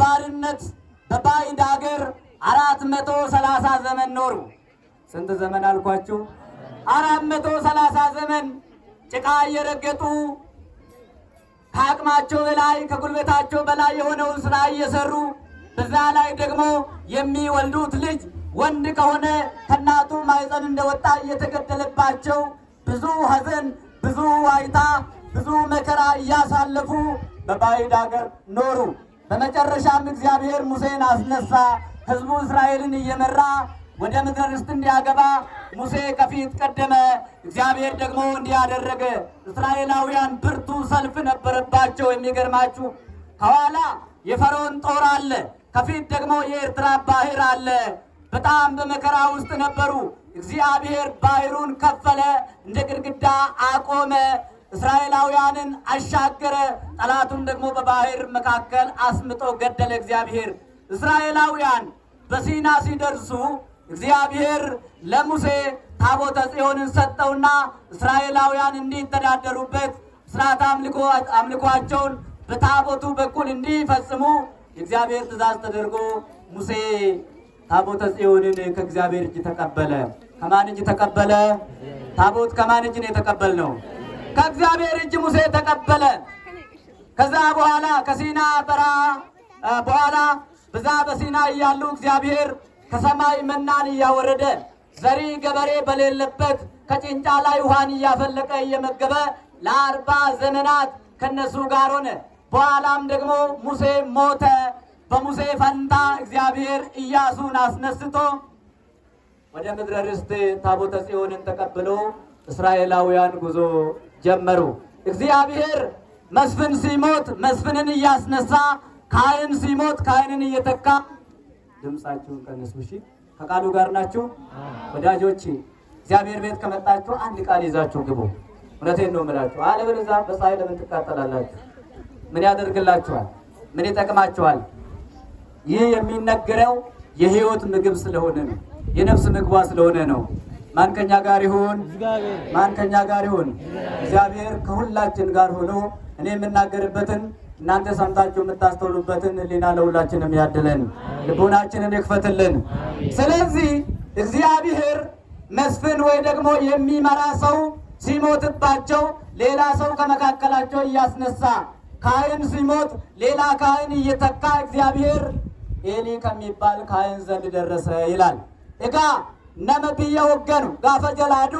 በባርነት በባዕድ አገር አራት መቶ ሰላሳ ዘመን ኖሩ። ስንት ዘመን አልኳችሁ? አራት መቶ ሰላሳ ዘመን ጭቃ እየረገጡ ከአቅማቸው በላይ ከጉልበታቸው በላይ የሆነውን ስራ እየሰሩ በዛ ላይ ደግሞ የሚወልዱት ልጅ ወንድ ከሆነ ከእናቱ ማኅፀን እንደወጣ እየተገደለባቸው ብዙ ሐዘን፣ ብዙ ዋይታ፣ ብዙ መከራ እያሳለፉ በባዕድ አገር ኖሩ። በመጨረሻም እግዚአብሔር ሙሴን አስነሳ። ህዝቡ እስራኤልን እየመራ ወደ ምድረ ርስት እንዲያገባ ሙሴ ከፊት ቀደመ። እግዚአብሔር ደግሞ እንዲያደረገ እስራኤላውያን ብርቱ ሰልፍ ነበረባቸው። የሚገርማችሁ ከኋላ የፈርዖን ጦር አለ፣ ከፊት ደግሞ የኤርትራ ባህር አለ። በጣም በመከራ ውስጥ ነበሩ። እግዚአብሔር ባህሩን ከፈለ፣ እንደ ግድግዳ አቆመ። እስራኤላውያንን አሻገረ፣ ጠላቱን ደግሞ በባህር መካከል አስምጦ ገደለ። እግዚአብሔር እስራኤላውያን በሲና ሲደርሱ እግዚአብሔር ለሙሴ ታቦተ ጽዮንን ሰጠውና እስራኤላውያን እንዲተዳደሩበት ስርዓት አምልኳቸውን በታቦቱ በኩል እንዲፈጽሙ የእግዚአብሔር ትእዛዝ ተደርጎ ሙሴ ታቦተ ጽዮንን ከእግዚአብሔር እጅ ተቀበለ። ከማን እጅ ተቀበለ? ታቦት ከማን እጅ ነው ነው? ከእግዚአብሔር እጅ ሙሴ ተቀበለ። ከዛ በኋላ ከሲና በረሃ በኋላ በዛ በሲና እያሉ እግዚአብሔር ከሰማይ መናን እያወረደ ዘሪ ገበሬ በሌለበት ከጭንጫ ላይ ውሃን እያፈለቀ እየመገበ ለአርባ ዘመናት ከነሱ ጋር ሆነ። በኋላም ደግሞ ሙሴ ሞተ። በሙሴ ፈንታ እግዚአብሔር እያሱን አስነስቶ ወደ ምድረ ርስት ታቦተ ጽዮንን ተቀብሎ እስራኤላውያን ጉዞ ጀመሩ። እግዚአብሔር መስፍን ሲሞት መስፍንን እያስነሳ፣ ካህን ሲሞት ካህንን እየተካ ድምፃችሁን ቀንሱ። እሺ፣ ከቃሉ ጋር ናችሁ ወዳጆቼ። እግዚአብሔር ቤት ከመጣችሁ አንድ ቃል ይዛችሁ ግቡ። እውነቴን ነው የምላችሁ። አለበለዚያ በፀሐይ ለምን ትቃጠላላችሁ? ምን ያደርግላችኋል? ምን ይጠቅማችኋል? ይህ የሚነገረው የህይወት ምግብ ስለሆነ ነው፣ የነፍስ ምግቧ ስለሆነ ነው። ማንከኛ ጋር ይሁን ከኛ ጋር ይሁን። እግዚአብሔር ከሁላችን ጋር ሆኖ እኔ የምናገርበትን እናንተ ሰምታችሁ የምታስተውሉበትን ሕሊና ለሁላችንም ያድለን፣ ልቦናችንን ይክፈትልን። ስለዚህ እግዚአብሔር መስፍን ወይ ደግሞ የሚመራ ሰው ሲሞትባቸው ሌላ ሰው ከመካከላቸው እያስነሳ ካህን ሲሞት ሌላ ካህን እየተካ እግዚአብሔር ኤሊ ከሚባል ካህን ዘንድ ደረሰ ይላል እጋ ነመብየው ወገኑ ጋፈ ጀላዱ